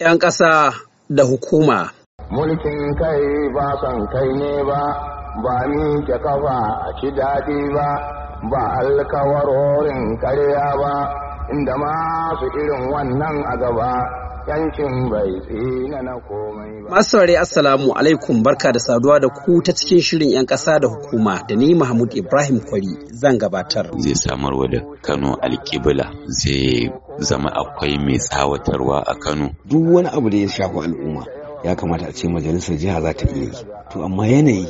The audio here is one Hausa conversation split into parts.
'yan ƙasa da hukuma. Mulkin kai ba san kai ne ba, ba ni ke kafa a ci daɗi ba, ba alkawarorin karya ba, inda masu irin wannan a gaba. yancin bai tsina na komai ba. Masu Assalamu alaikum barka da saduwa da ku ta cikin shirin 'yan ƙasa da hukuma da ni Mahmud Ibrahim Kwari zan gabatar. Zai samarwa da Kano alkibla zai zama akwai mai tsawatarwa a Kano. Duk wani abu da ya shafi al'umma ya kamata a ce majalisar jiha za ta iya yi. To amma yanayi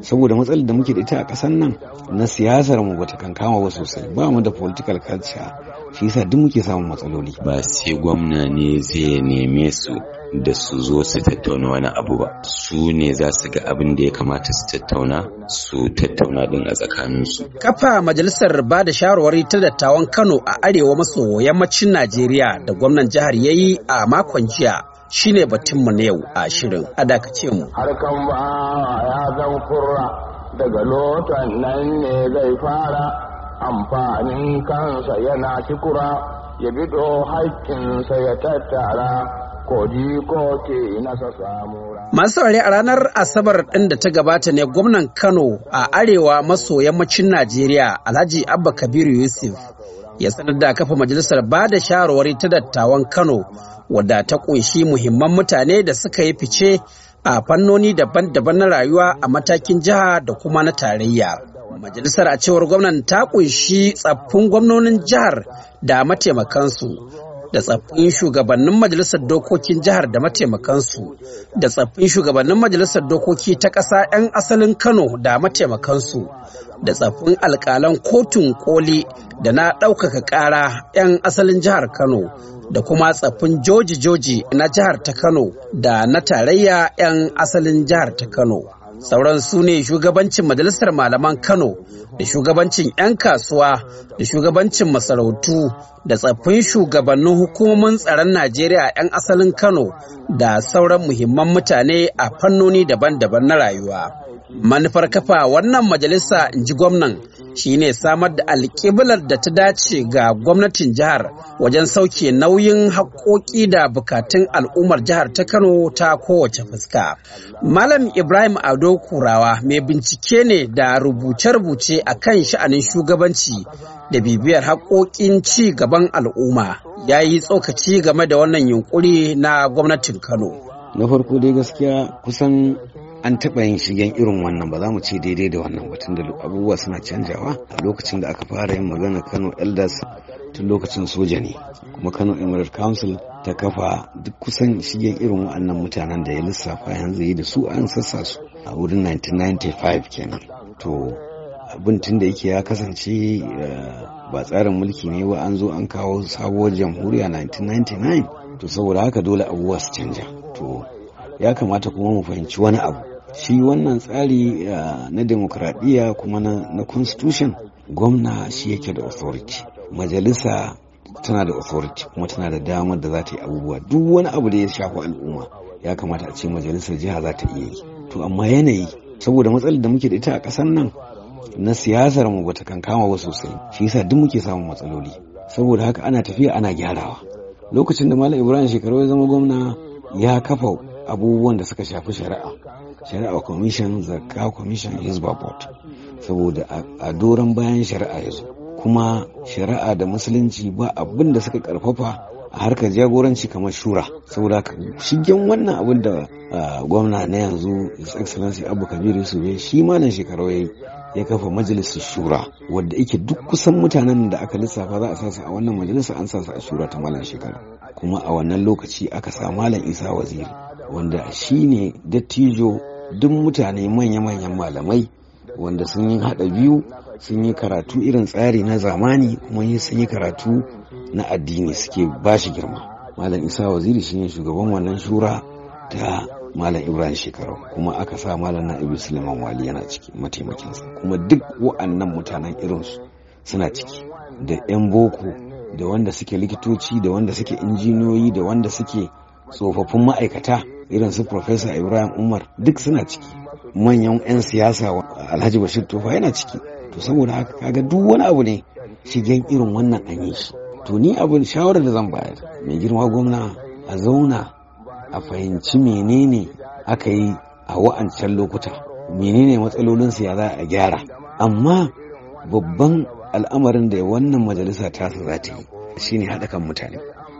saboda matsalar da muke da ita a ƙasar nan na siyasar mu bata kankama ba sosai ba mu da political culture shi yasa duk muke samun matsaloli ba sai gwamna ne zai neme su da su zo su tattauna wani abu ba su ne za su ga abin da ya kamata su tattauna su tattauna din a tsakanin su kafa majalisar ba da shawarwari ta dattawan kano a arewa maso yammacin najeriya da gwamnan jihar yayi a makon jiya shine batunmu na yau a shirin adakace mu harkan ba ya zan kurra daga lotan nan ne zai fara amfanin kansa yana cikura ya bido haƙƙinsa ya tattara Masu saurari a ranar Asabar ɗin da ta gabata ne gwamnan Kano a arewa maso yammacin Najeriya Alhaji Abba Kabir Yusuf ya sanar da kafa majalisar ba da shawarwari ta dattawan Kano wadda ta kunshi muhimman mutane da suka yi fice a fannoni daban-daban na rayuwa a matakin jiha da kuma na tarayya. Majalisar a cewar gwamnan ta kunshi tsaffin gwamnonin jihar da mataimakansu da tsaffin shugabannin majalisar dokokin jihar da mataimakansu da tsaffin shugabannin majalisar dokoki ta ƙasa 'yan asalin kano da mataimakansu da tsaffin alƙalan kotun koli da na ɗaukaka ƙara 'yan asalin jihar kano da kuma tsaffin joji-joji na jihar ta kano da na tarayya 'yan asalin jihar ta kano sauran su ne shugabancin majalisar malaman kano da shugabancin 'yan kasuwa da shugabancin masarautu da tsaffin shugabannin hukumomin tsaron najeriya 'yan asalin kano da sauran muhimman mutane a fannoni daban-daban na rayuwa manufar kafa wannan majalisa in ji gwamnan shine samar da alƙiblar da ta dace ga gwamnatin jihar wajen sauke nauyin haƙoƙi da bukatun al'ummar jihar ta Kano ta kowace fuska. Malam Ibrahim Ado Kurawa mai bincike ne da rubuce-rubuce a kan sha'anin shugabanci da bibiyar haƙoƙin ci gaban al'umma ya yi tsokaci game da wannan yunƙuri na gwamnatin Kano. Na farko dai gaskiya kusan an taɓa yin shigen irin wannan ba za mu ce daidai da wannan batun da abubuwa suna canjawa a lokacin da aka fara yin magana kano elders tun lokacin soja ne kuma kano emirate council ta kafa duk kusan shigen irin wannan mutanen da ya lissafa yanzu yi da su an sassa su a wurin 1995 kenan to abin tun da yake ya kasance eh, ba tsarin mulki ne ba an zo an kawo sabuwar jamhuriya 1999 to saboda haka dole abubuwa su canja to ya kamata kuma mu fahimci wani abu shi wannan tsari eh, na demokradiyya kuma na constitution gwamna shi yake da authority majalisa tana da authority kuma tana da damar da za ta yi abubuwa duk wani abu da ya shafi al'umma ya kamata a ce majalisar jiha za ta iya yi to amma yanayi saboda matsalar da muke da ita a ƙasar nan na siyasar mu bata kama ba sosai shi yasa duk muke samun matsaloli saboda haka ana tafiya ana gyarawa lokacin da malam ibrahim shekaru ya zama gwamna ya kafa abubuwan da suka shafi shari'a shari'a commission zakka commission hizba board saboda a doron bayan shari'a ya zo kuma shari'a da musulunci ba abin da suka karfafa a harkar jagoranci kamar shura saboda shigen wannan abin da gwamna na yanzu his excellency abu kabiru sube shi malam shekaru ya ya kafa majalisar shura wadda ake duk kusan mutanen da aka lissafa za a sa a wannan majalisar an sasa su a shura ta malam shekaru kuma a wannan lokaci aka sa malam isa waziri wanda shi ne dattijo duk mutane manya-manyan malamai wanda sun yi haɗa biyu sun yi karatu irin tsari na zamani kuma sun yi karatu na addini suke ba shi girma malam isa waziri ne shugaban wannan shura ta malam ibrahim shekaru kuma aka sa malam na'ibu suleiman wali yana ciki mataimakinsa kuma duk wa'annan mutanen irinsu suna ciki da 'yan boko da wanda suke likitoci da wanda suke injiniyoyi da wanda suke tsofaffin ma'aikata irin su Profesa Ibrahim Umar duk suna ciki manyan 'yan siyasa Alhaji Bashir Tofa yana ciki to saboda haka kaga duk wani abu ne shigen irin wannan an shi to ni abin shawarar da zan bayar mai girma gwamna a zauna a fahimci menene aka yi a wa'ancan lokuta menene matsalolin ya za a gyara amma babban al'amarin da wannan majalisa ta za ta yi shine haɗa kan mutane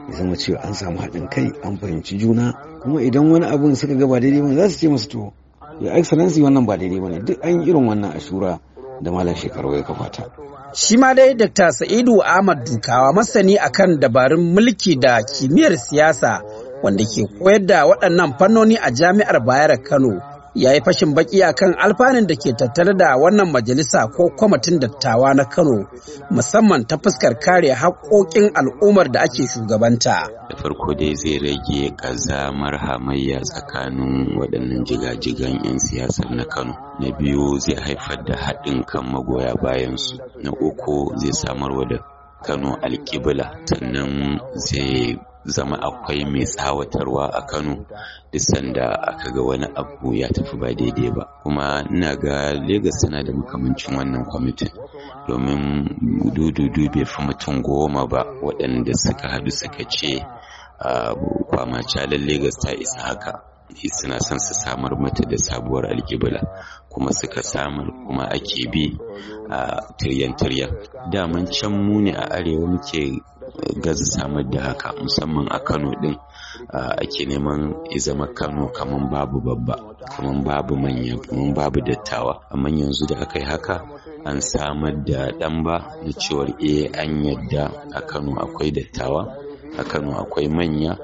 ya zama cewa an samu haɗin kai an fahimci juna kuma idan wani abun suka ga ba daidai bane za su ce masu to ya excellency wannan ba daidai bane duk an yi irin wannan ashura da malam shekaru ya kafata shi ma dai dr sa'idu ahmad dukawa masani akan dabarun mulki da kimiyyar siyasa wanda ke koyar da waɗannan fannoni a jami'ar bayar kano ya yi fashin baki a kan alfanun da ke tattare da wannan majalisa ko kwamitin dattawa na kano musamman ta fuskar kare haƙoƙin al'ummar da ake shugabanta da farko dai zai rage ƙazamar hamayya tsakanin waɗannan jiga-jigan 'yan siyasar na kano na biyu zai haifar da haɗin kan magoya bayansu na uku zai samarwa da kano alkibla sannan zai zama akwai mai tsawatarwa a Kano duk sanda aka ga wani abu ya tafi ba daidai ba kuma ina ga Legas tana da makamancin wannan kwamitin domin dududu bai fi mutum goma ba waɗanda suka haɗu suka ce a ah, kwamacalar Legas ta isa haka suna son su samar mata da sabuwar alƙibla kuma suka samar kuma ake bi a tiryan-tiryan daman can mu ne a arewa muke eh, gaza samar da haka musamman a kano din ake neman izama kano kamar babu babba kamar babu manya kamar babu dattawa amma yanzu da aka yi haka an samar da ba, na cewar eh an yadda a kano akwai dattawa a kano akwai manya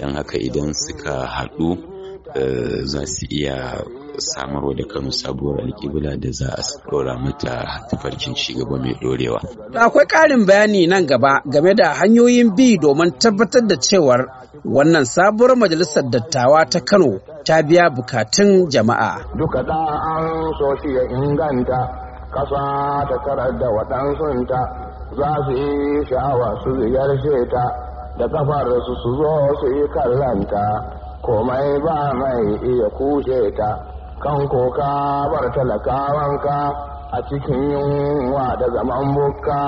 don haka idan suka haɗu Eh, za su iya samarwa da kano sabuwar alkibula da za a ɗora mata tafarkin cigaba mai ɗorewa. akwai ƙarin bayani nan gaba game da hanyoyin bi domin tabbatar da cewar wannan sabuwar majalisar dattawa ta kano ta biya bukatun jama'a duka da an so shi ya inganta kasa ta tarar da waɗansunta za su yi sha'awa su ziyarce ta da kafar su su zo su yi kallanta komai ba mai iya kushe ta kan koka bar talakawanka a cikin yunwa da zaman bukka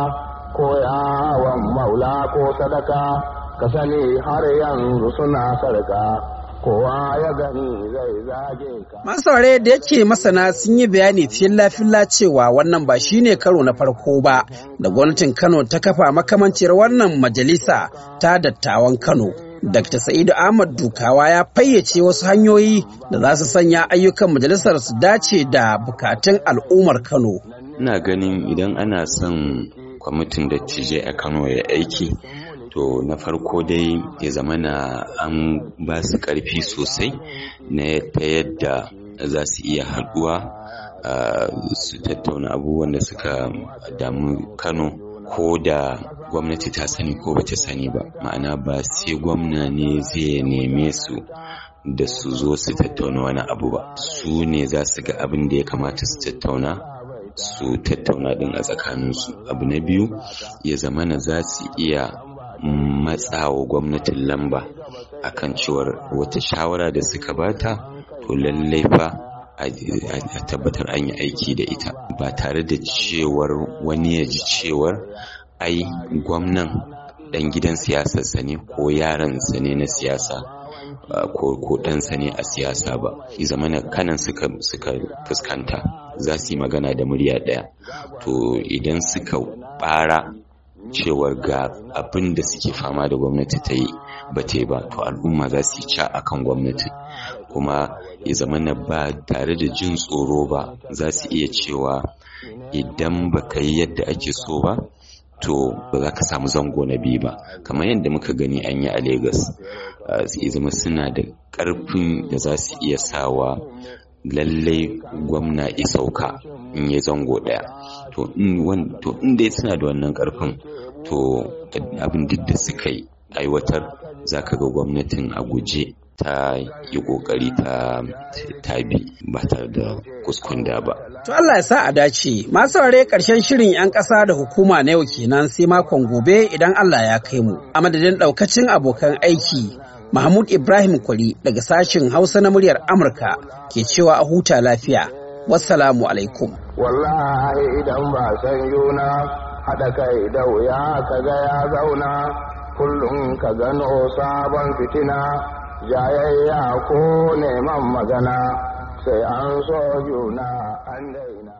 ko yawon maula ko sadaka ka sani har yanzu suna sarka kowa ya gani zai zage ka. Masaure da yake masana sun yi bayani fiye cewa wannan ba shine karo na farko ba da gwamnatin Kano ta kafa makamanciyar wannan majalisa ta dattawan Kano. Dr. Sa'idu Ahmad Dukawa ya fayyace wasu hanyoyi da za su sanya ayyukan majalisar su dace da bukatun al'ummar Kano. Ina ganin idan ana son kwamitin da a Kano ya aiki, to na farko dai ya zama na an ba su ƙarfi sosai na ta yadda za su iya haɗuwa ah, su tattauna abubuwan da suka damu Kano. ko da gwamnati ta sani ko bata sani ba ma'ana ba sai gwamna ne zai neme su da su zo su tattauna wani abu ba su ne za su ga abin da ya kamata su tattauna su tattauna din a tsakaninsu abu na biyu ya zamana za su iya matsawa gwamnatin lamba akan cewar wata shawara da suka bata to lallai fa a tabbatar an yi aiki da ita ba tare da cewar wani ya ji cewar ai gwamnan dan gidan siyasarsa ne ko yaransa ne na siyasa ko ɗansa ne a siyasa ba zamana kanan suka suka fuskanta za su yi magana da murya ɗaya to idan suka ɓara cewar ga abin da suke fama da gwamnati ta yi ba ta yi ba to al'umma za su yi ca akan gwamnati kuma ya zama na ba tare da jin tsoro ba za su iya cewa idan ba ka yi yadda ake so ba to ba za ka samu zango na biyu ba kamar yadda muka gani an yi a Legas ya zama suna da ƙarfin da za su iya sawa lallai gwamna ya sauka in ya zango ɗaya to in dai suna da wannan ƙarfin to abin duk da suka yi aiwatar za ka ga gwamnatin a guje ta yi kokari ta tabi ba ta da kuskunda ba. To Allah ya sa a dace masu ware karshen shirin 'yan ƙasa da hukuma na yau kenan sai makon gobe idan Allah ya kai mu. A madadin ɗaukacin abokan aiki Mahmud Ibrahim Kwari daga sashen Hausa na muryar Amurka ke cewa a huta lafiya. Wassalamu alaikum. Wallahi idan ba san yuna haɗa kai da wuya ka ga ya zauna kullum ka gano sabon fitina jayayya ko neman magana sai an so juna an daina